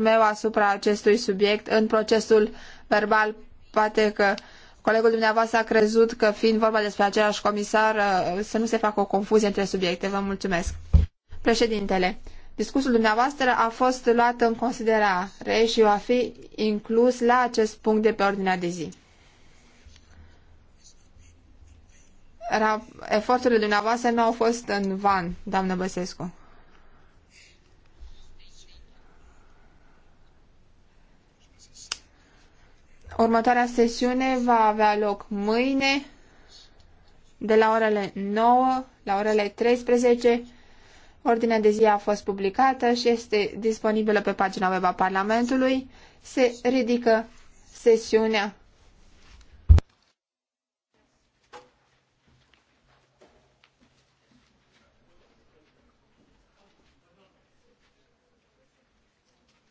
meu asupra acestui subiect în procesul verbal. Poate că colegul dumneavoastră a crezut că fiind vorba despre același comisar uh, să nu se facă o confuzie între subiecte. Vă mulțumesc. Președintele, discursul dumneavoastră a fost luat în considerare și va fi inclus la acest punct de pe ordinea de zi. Eforturile dumneavoastră nu au fost în van, doamnă Băsescu. Următoarea sesiune va avea loc mâine de la orele 9 la orele 13. Ordinea de zi a fost publicată și este disponibilă pe pagina web a Parlamentului. Se ridică sesiunea